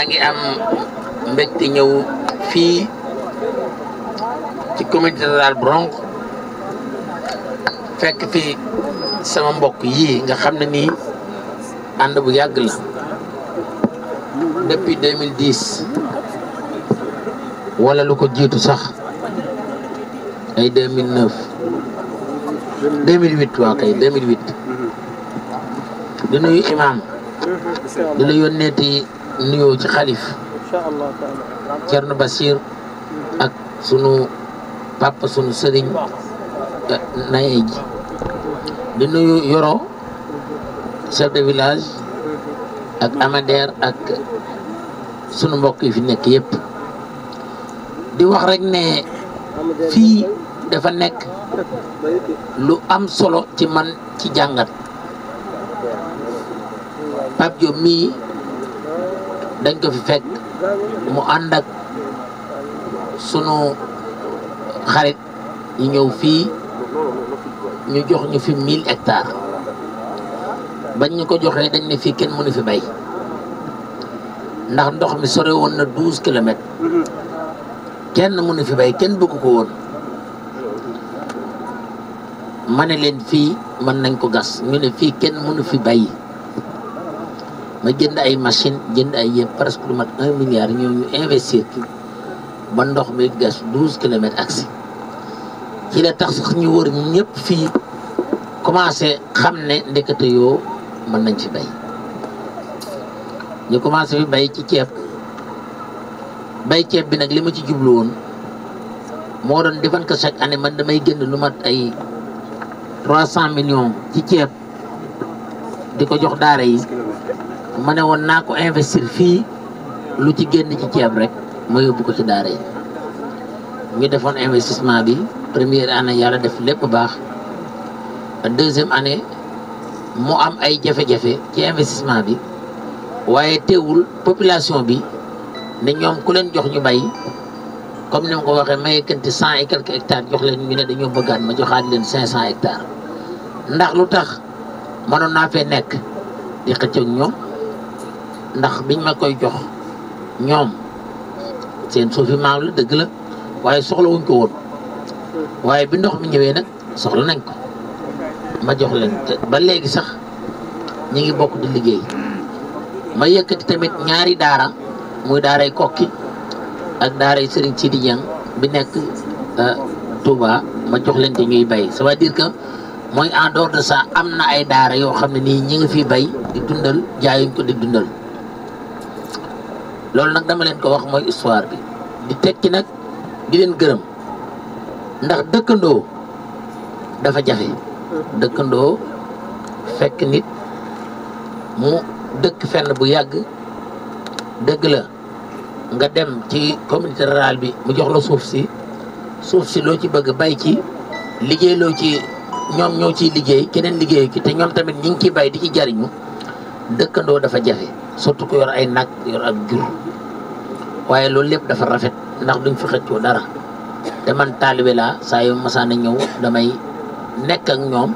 maa ngi am mbégte ñëw fii ci communauté rurale bu Ronkh fekk fi sama mbokk yi nga xam ne nii ànd bu yàgg la depuis 2010 wala lu ko jiitu sax ay 2009 2008 waa kay 2008 nuyu imaam di la yónneeti nuyoo ci xalif Cerno Basir ak sunu papa sunu sëriñ eh, naye ji di nuyu Yoro chef de village ak Amader ak sunu mbokk fi nekk yépp di wax rek ne fii dafa nekk lu am solo ci man ci jàngat Pape Diop dañ ko fi fekk mu ànd ak sunu xarit ñu ñëw fii ñu jox ñu fi 1000 hectares bañ ñu ko joxee dañ ne fii kenn mënu fi bay ndax ndox mi sore woon na 12 kilomètres kenn mënu fi bay kenn bëgg ko woon ma ne leen fii mën nañ ko gas ñu ne fii kenn mënu fi bay. ma jënd ay machine jënd ay yéen presque lu mat un milliard ñoo ñu investir ci ba ndox mi gas douze kilomètres agsi ci la tax sax ñu wër ñëpp fii commencé xam ne ndekete yoo mën nañ fi bay ñu commencé fi bay ci ceeb bay ceeb bi nag li ma ci jublu moo doon defan ko chaque année man damay génn lu mat ay trois cent millions ci ceeb di ko jox daara yi ma ne woon naa ko investir fii lu ci génn ci ceeb rek ma yóbbu ko ci daara yi ñu defoon investissement bi première année yàlla def lépp baax deuxième année mu am ay jafe-jafe ci investissement bi waaye teewul population bi ne ñoom ku leen jox ñu bay comme ni ma ko waxee mayeekanti cent et quelques hectares jox leen ñu ne dañoo bëggaat ma joxaat leen cinq cent hectares ndax lu tax mënoon naa fee nekk di xëccoog ñoom. ndax biñ ma koy jox ñoom seen suufi maam la dëgg la waaye soxlawuñ ko woon waaye bi ndox mi ñëwee nag soxla nañ ko ma jox leen ba léegi sax ñi ngi bokk di liggéey ma yëkkati tamit ñaari daara muy daaray kokki ak daaray Serigne Sidi Dieng bi nekk euh, Touba ma jox leen te ñuy bay ça veut dire que mooy en dehors de am na ay daara yoo xam ne nii ñu ngi fi bay di dundal jaayuñ ko di dundal loolu nag dama leen ko wax mooy histoire bi di teg tekki nag di leen gërëm ndax dëkkandoo dafa jafe dëkkandoo fekk nit mu dëkk fenn bu yàgg dëgg la nga dem ci communauté rurale bi mu jox la suuf si suuf si loo ci bëgg bay ci liggéey loo ci ñoom ñoo ciy liggéey keneen liggéeyu ci te ñoom tamit ñu ngi ciy bay di ci jariñu dëkkandoo dafa jafe surtout ku yor ay nag yor ak jur waaye loolu lépp dafa rafet ndax duñ fi xëccoo dara te man taalibe laa saa yu masaan a ñëw damay nekk ak ñoom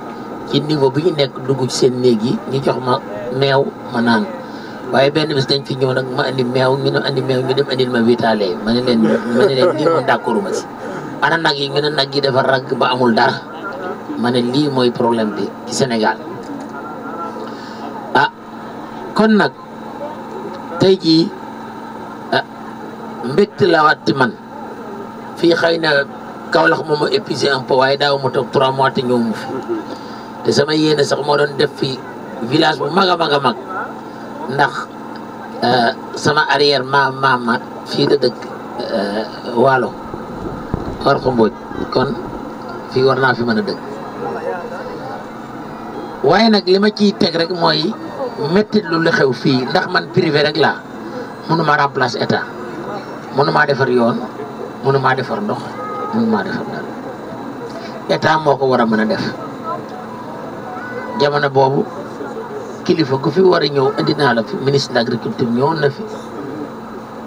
ci niveau bi ñu nekk dugg ci seen néeg yi ñu jox ma meew ma naan waaye bis dañ fi ñëw nag ma andi meew ñu ne andi meew ñu dem andil ma vitale ma ne leen ma ne lii moom d'accord yi ñu ne nag yi dafa ba amul dara ma ne lii mooy problème bi ci Sénégal kon nag tey jii ah, mbégte la waat man fii xëy na Kaolack moom a épuisé waaye daaw ma toog trois mois te sama yéene sax moo doon def fi village bu mag a mag a mag ndax eh, sama arrière maam maam ma fii da dëkk eh, Waalo war ko mbooj kon fii war naa fi mën a dëkk waaye nag li ma teg rek mooy méttit lu lu xew fii ndax man privé rek laa mënuma remplacer état mënuma defar yoon mënuma defar ndox mënuma defar dara état moo ko war a mën a def jamono boobu kilifa ku fi war a ñëw indi la ministre de l'agriculture ñëwoon na fi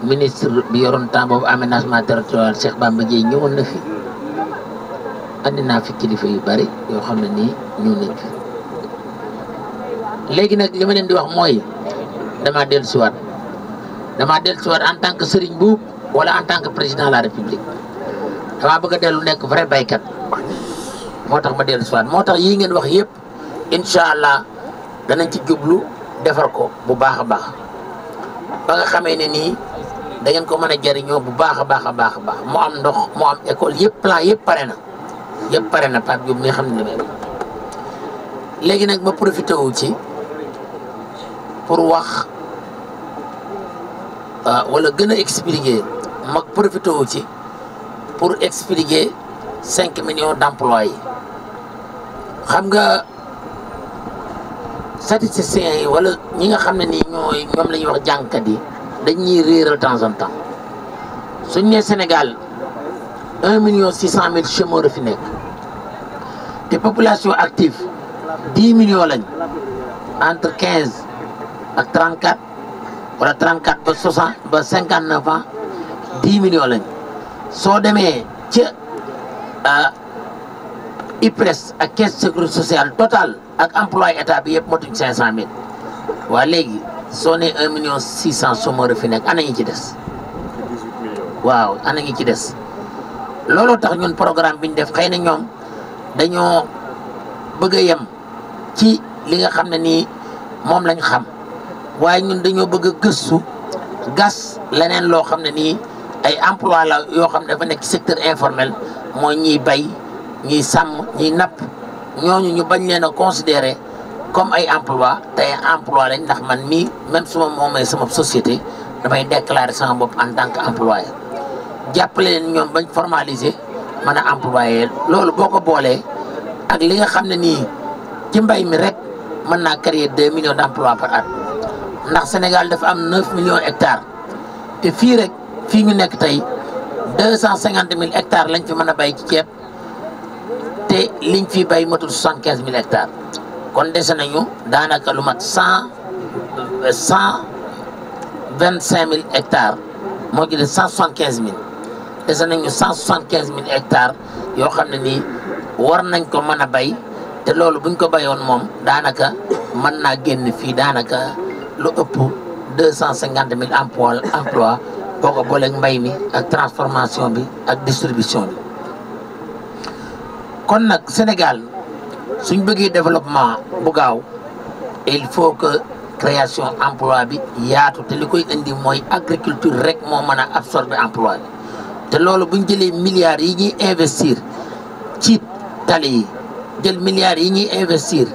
ministre bi yoroon temps boobu aménagement territorial Cheikh Bamba Dièye ñëwoon na fi andi naa fi kilifa yu bari yoo xam ne nii ñëw nañ fi léegi nag li ma leen di wax mooy damaa dellusiwaat damaa dellusiwaat en tant que sëriñ buub wala en tant que président de la république damaa bëgg a dellu nekk vrai baykat moo tax ma dellu dellusiwaat moo tax yii ngeen wax yëpp incha allah danañ ci jublu defar ko bu baax a baax ba xamee ne nii da ko mën a jariñoo bu baax a baax a baax a baax mu am ndox moo am école yëpp plan yëpp pare na yëpp pare na Pape Diop mi nga xam ne léegi nag ma profité wu ci. pour wax euh, wala gën a expliquer mag profité wu ci pour expliqué cinq millions d'emplois yi xam nga statisticiens yi wala ñi nga xam ne nii ñooy ñoom la ñuy wax jànkat yi dañ ñuy réeral temps en temps suñ nee Sénégal un million six cent mille chômeurs fi nekk te population active dix millions lañ entre quinze ak 34 wala 34 ba 60 ba 59 ans 10 millions lañ soo demee ca euh, IPRES ak caisse sécurité social total ak emploi état bi yëpp motuñ mille waa léegi soo nee 1 million 600 chômeur fi nekk ana ñi ci des. waaw ana ñi ci des looloo tax ñun programme bi ñu def xëy na ñoom dañoo bëgg a yem ci li nga xam ne nii moom lañu xam. waaye ñun dañoo bëgg a gëstu gas leneen loo xam ne nii ay emploi la yoo xam ne dafa nekk secteur informel mooy ñiy bay ñiy sàmm ñiy napp ñooñu ñu bañ leen a considéré comme ay emploi tey emploi lañ ndax man mii même suma ma moomee sama société damay déclarer sama bopp en tant que employé jàppale leen ñoom bañ formaliser mën a employé loolu boo ko boolee ak li nga xam ne nii ci mbay mi rek mën naa créer deux millions d' emplois par at ndax Sénégal dafa am 9 millions hectares te fii rek fii ñu nekk tey 250 mille hectares lañ fi mën a bay ci ceeb te liñ fi bay matul 75 mille hectares kon dese nañu daanaka lu mat 100 125 mille hectares moo ci des 175 mille dese nañu 175 mille hectares yoo xam ne nii war nañ ko mën a bay te loolu buñ ko bayoon moom daanaka mën naa génn fii daanaka. lu ëpp deux cent cinquante mille emploi emploi boo ko booleeg mbay mi ak transformation bi ak distribution bi kon nag Sénégal suñ bëggee développement bu gaaw il faut que création emploi bi yaatu te li koy indi mooy agriculture rek moo mën a absorber emploi te loolu buñ jëlee milliards yi ñuy investir ci tali yi jël milliards yi ñuy investir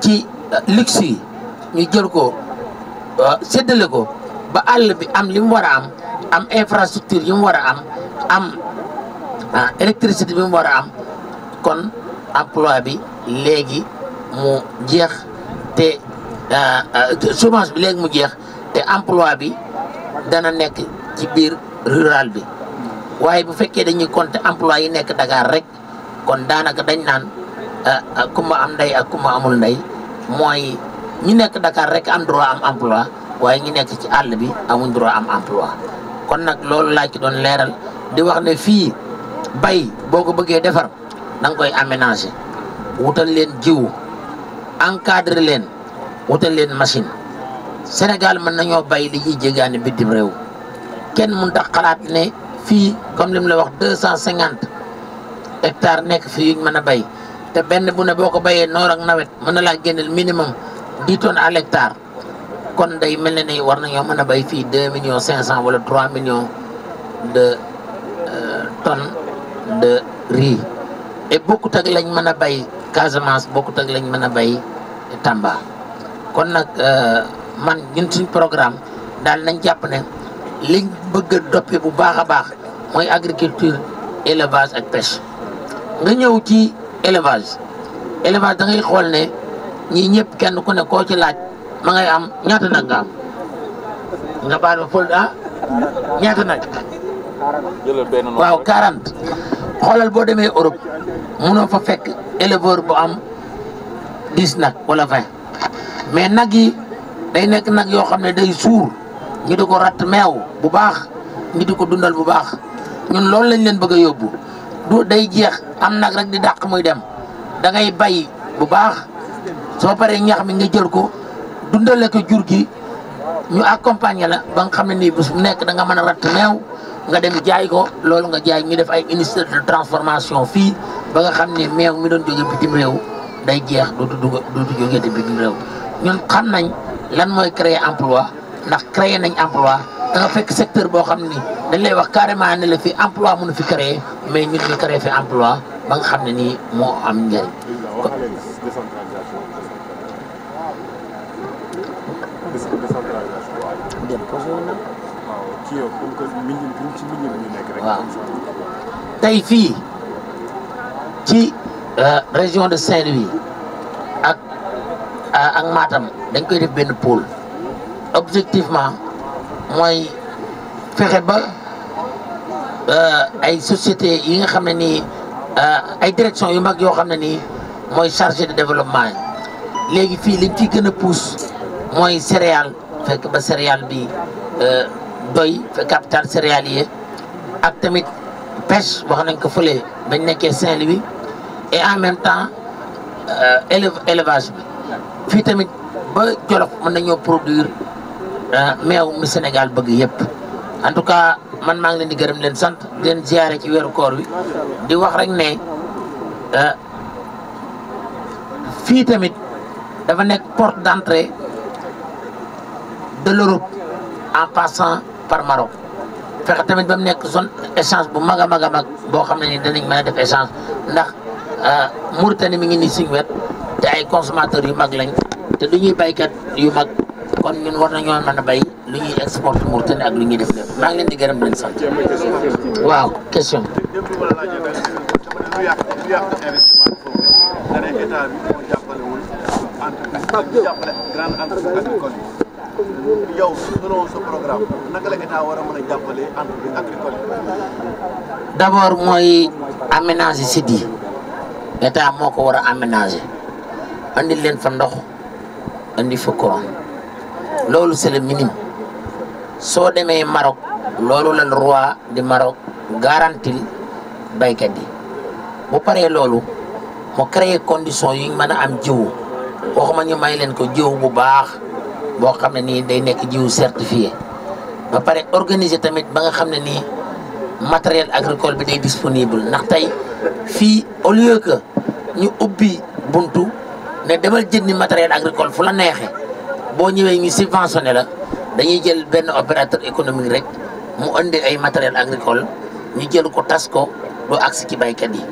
ci euh, luxe yi ñu jël ko séddale ko ba àll bi am li mu war a am am infrastructure yi mu war a am am ah, électricité bi mu war a am kon emploi bi léegi mu jeex te ah, ah, chômage bi léegi mu jeex te emploi bi dana nekk ci biir rural bi waaye bu fekkee dañuy compter emploi yi nekk Dakar rek kon daanaka dañ naan kumba am ndey ak kumba amul ndey mooy ñi nekk ndakaar rek am droit am emploi waaye ñi nekk ci àll bi amuñ droit am emploi kon nag loolu laa ci doon leeral di wax ne fii bay boo ko bëggee defar da nga koy aménager wutal leen jiw encadrer leen wutal leen machine Sénégal mën nañoo bay li ñuy jégaane bitim réew kenn mun tax xalaat ne fii comme li mu la wax deux cent cinquante hectares nekk fii yuñ mën a bay te benn bu ne boo ko bayee noor ak nawet mën na laa génneel minimum dix tonnes à l'hectare kon day mel ne ni war nañoo mën a béy fii deux millions cinq cent wala trois millions de euh, tonnes de riz et bokkut ak lañ mën a béy Casamance bokkut ak lañ mën a béy Tamba kon nag euh, man ñun suñ programme daal nañ jàpp ne liñ bëgg a bu baax a baax mooy agriculture élevage ak pêche nga ñëw ci élevage élevage da xool ne. ñii ñëpp kenn ku ne koo ci laaj ma ngay am ñaata nag nga am nga baal ma fël ah ñaata nag waaw 40 xoolal boo demee Europe mënoo fa fekk éleveur bu am 10 nag wala 20 mais nag yi day nekk nag yoo xam ne day suur ñu di ko ratt meew bu baax ñu di ko dundal bu baax ñun loolu lañ leen bëgg a yóbbu du day jeex am nag rek di dàq muy dem da ngay bu baax soo paree ñax mi nga jël ko dundale ko jur gi ñu accompagner la ba nga xam ne nii bés bu nekk da nga mën a ratt meew nga dem jaay ko loolu nga jaay ñu def ay ministère de transformation fii ba nga xam ne meew mi doon jóge bitim réew day jeex dootu dugg dootu jóge te bitim réew ñun xam nañ lan mooy créer emploi ndax créer nañ emploi da fekk secteur boo xam ni dañ lay wax carrément ne la fi emploi munu fi créer mais ñun ñu créer fi emploi ba nga xam ne nii moo am njëriñ waaw tey fii ci euh, région de Saint-Louis ak euh, ak maatam dañ koy def benn pôle objectivement mooy fexe ba euh, ay société yi nga xam ne nii ay direction yu mag yoo xam ne ni mooy chargé de développement yi léegi fii liñ ciy gën a pousse mooy céréale fekk ba céréale bi doy capital céréalier ak tamit pêche wax nañ ko fële bañ nekkee Saint-Louis et en même temps euh, élevage bi fii tamit ba Jolof mën nañoo produire euh, meew mi Sénégal bëgg yëpp en tout cas man maa ngi leen di gërëm leen sant di leen ziare ci weeru koor wi di wax rek ne euh, fii tamit dafa nekk porte d'entrée de l'Europe en passant par Maroc fexe tamit ba mu nekk zone échange bu mag a mag a mag boo xam ne ni danañ mën a def échange ndax mur euh, Mauritanie mu ngi nii suñu wet te ay consommateurs yu mag lañ te du ñuy béykat yu mag kon ñun war nañoo mën a béy lu ñuy exporter Mauritanie ak lu ñuy def lépp maa ngi leen di gërëm di leen sant. waaw question. yow selon ce programme naka la état mooy aménager site yi moo ko war a aménager andi leen fa ndox andi fa courant loolu c' est le soo demee Maroc loolu la roi di Maroc garantil baykat yi bu paree loolu moo créer condition yu mën a am jiwu waxuma ñu may leen ko jiw bu baax boo xam ne nii day nekk jiwu certifié ba pare organiser tamit ba nga xam ne nii matériel agricole bi day disponible ndax tey fii au lieu que ñu ubbi buntu ne demal jëndi matériel agricole fu la neexee boo ñëwee ñu subventionné la dañuy jël benn opérateur économique rek mu indi ay matériel agricole ñu jël ko tas ko du agsi ci baykat yi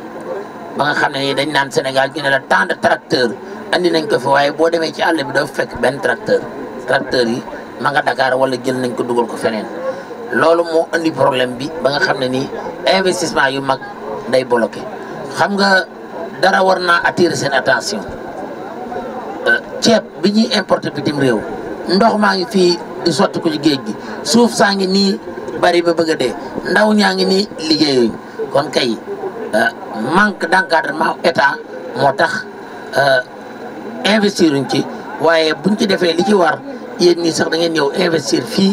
ba nga xam ne nii dañ naan Sénégal ñu ne la tant de tracteur indi nañ ko fi waaye boo demee ci àll bi doo fekk benn tracteur tracteurs yi ma nga Dakar wala jël nañ ko dugal ko feneen loolu moo indi problème bi ba nga xam ne nii investissement yu mag day bloqué xam nga dara war naa attirer seen attention euh, ceeb bi ñuy importer bitim réew ndox maa ngi fii di sotti ko ci gi suuf saa ngi nii bari ba bëgg a dee ndaw ñaa ngi ni liggéey kon kay euh, manque d'encadrement état moo tax euh, investir uñ ci waaye buñ ci defee li ci war yéen nii sax da ngeen ñëw investir fii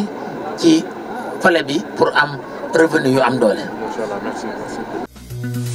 ci fale bi pour am revenu yu am doole. Inch'Allah,